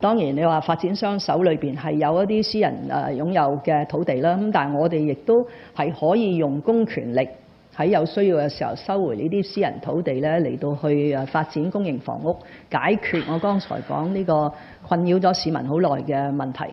當然，你話發展商手裏面係有一啲私人擁有嘅土地啦，咁但係我哋亦都係可以用公權力喺有需要嘅時候收回呢啲私人土地咧，嚟到去誒發展公營房屋，解決我剛才講呢個困擾咗市民好耐嘅問題。